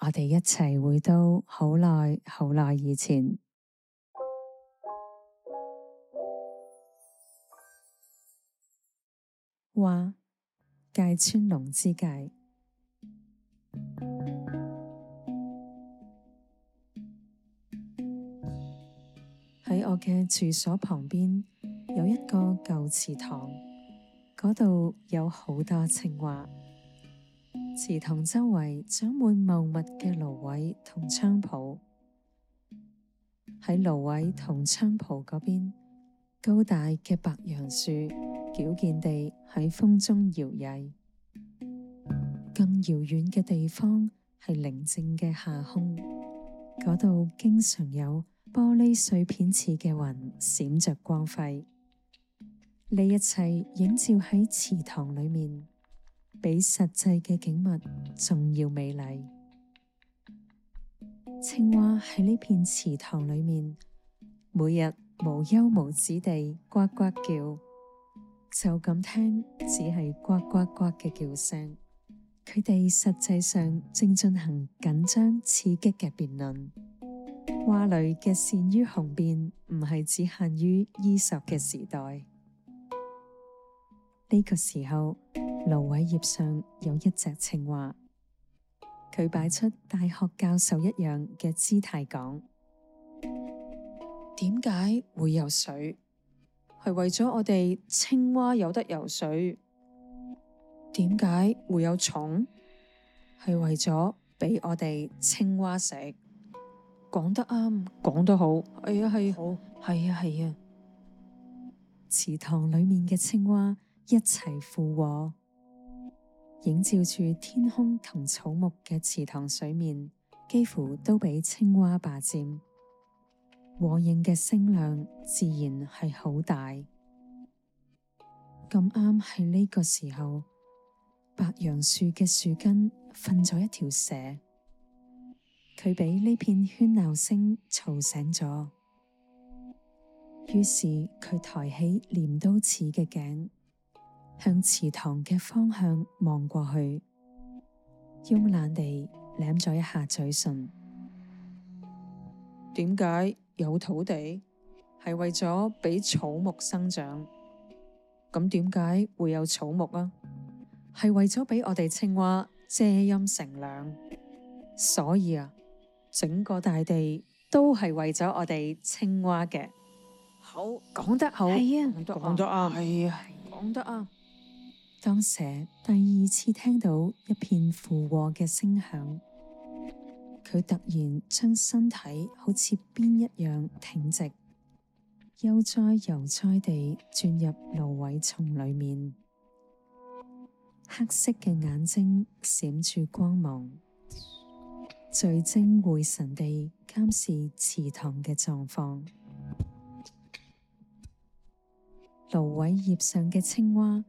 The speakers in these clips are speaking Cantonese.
我哋一齊回到好耐好耐以前，蛙，芥川龍之介。喺我嘅住所旁邊有一個舊祠堂，嗰度有好多青蛙。池塘周圍長滿茂密嘅蘆葦同菖蒲，喺蘆葦同菖蒲嗰邊，高大嘅白楊樹矯健地喺風中搖曳。更遙遠嘅地方係寧靜嘅夏空，嗰度經常有玻璃碎片似嘅雲閃着光輝。呢一切映照喺池塘裏面。比實際嘅景物仲要美麗。青蛙喺呢片池塘裏面，每日無休無止地呱呱叫，就咁聽只係呱呱呱嘅叫聲。佢哋實際上正進行緊張刺激嘅辯論。蛙類嘅善於雄辯唔係只限於伊索嘅時代。呢個時候，蘆葦葉上有一隻青蛙。佢擺出大學教授一樣嘅姿態講：點解會，會有水？係為咗我哋青蛙有得游水。點解會有蟲？係為咗畀我哋青蛙食。講得啱，講得好。係啊，係好，係啊，係啊。啊池塘裏面嘅青蛙。一齊附和，映照住天空同草木嘅池塘水面，幾乎都俾青蛙霸佔。和應嘅聲量自然係好大。咁啱喺呢個時候，白楊樹嘅樹根瞓咗一條蛇，佢俾呢片喧鬧聲吵醒咗，於是佢抬起鐮刀似嘅頸。向池塘嘅方向望過去，慵懶地舐咗一下嘴唇。點解有土地？係為咗俾草木生長。咁點解會有草木啊？係為咗俾我哋青蛙遮陰乘涼。所以啊，整個大地都係為咗我哋青蛙嘅。好，講得好，係啊的，講得啱，係啊，講得啊。當蛇第二次聽到一片附和嘅聲響，佢突然將身體好似鞭一樣挺直，悠哉悠哉地鑽入蘆葦叢裏面。黑色嘅眼睛閃住光芒，聚精會神地監視池塘嘅狀況。蘆葦葉上嘅青蛙，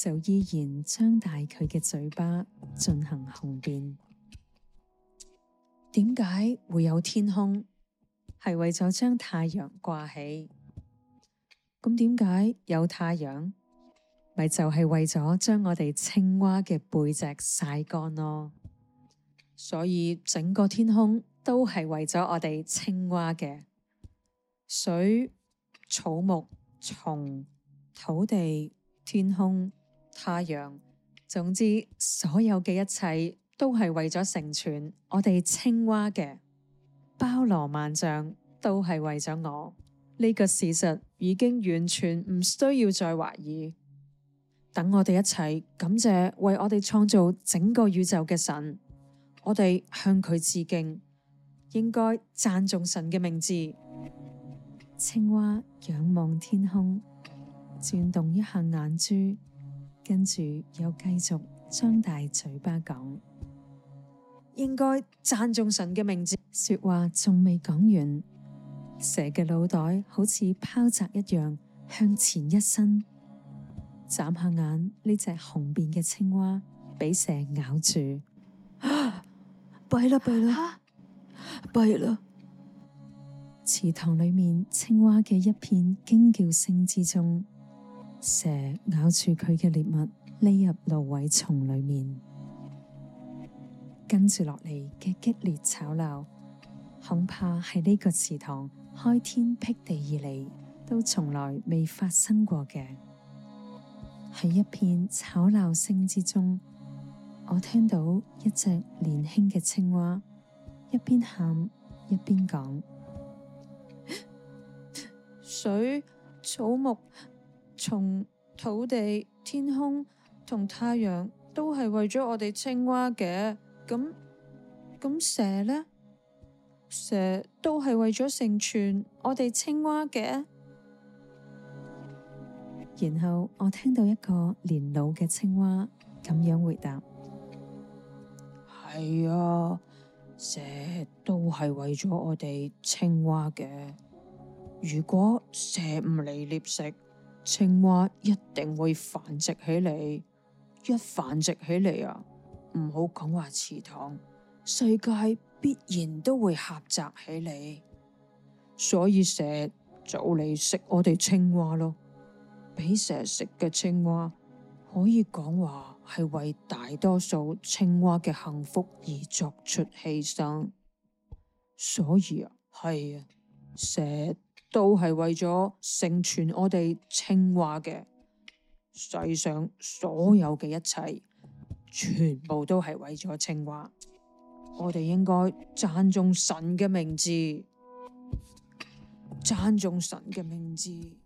就依然張大佢嘅嘴巴進行雄辯。點解會有天空？係為咗將太陽掛起。咁點解有太陽？咪就係、是、為咗將我哋青蛙嘅背脊曬乾咯。所以整個天空都係為咗我哋青蛙嘅，水、草木、蟲、土地、天空。太陽，總之所有嘅一切都係為咗成全我哋青蛙嘅，包羅萬象都係為咗我。呢個事實，已經完全唔需要再懷疑。等我哋一齊感謝為我哋創造整個宇宙嘅神，我哋向佢致敬，應該讚頌神嘅名字。青蛙仰望天空，轉動一下眼珠。跟住又繼續張大嘴巴講，應該讚頌神嘅名字。說話仲未講完，蛇嘅腦袋好似拋擲一樣向前一伸，眨下眼呢隻紅辮嘅青蛙俾蛇咬住，啊， 弊啦弊啦，弊 啦了！池塘裏面青蛙嘅一片驚叫聲之中。蛇咬住佢嘅獵物，匿入蘆葦叢裏面。跟住落嚟嘅激烈吵鬧，恐怕係呢個池塘開天辟地以嚟都從來未發生過嘅。喺一片吵鬧聲之中，我聽到一隻年輕嘅青蛙一邊喊一邊講： 水、草木。從土地、天空同太陽都係為咗我哋青蛙嘅，咁，咁蛇呢，蛇都係為咗成全我哋青蛙嘅。然後我聽到一個年老嘅青蛙咁樣回答：係啊，蛇都係為咗我哋青蛙嘅。如果蛇唔嚟獵食。青蛙一定會繁殖起嚟，一繁殖起嚟啊，唔好講話池塘，世界必然都會狹窄起嚟。所以蛇就嚟食我哋青蛙咯，俾蛇食嘅青蛙可以講話係為大多數青蛙嘅幸福而作出犧牲。所以啊，係啊，蛇。都係為咗成全我哋青蛙嘅。世上所有嘅一切，全部都係為咗青蛙。我哋應該讚頌神嘅名字，讚頌神嘅名字。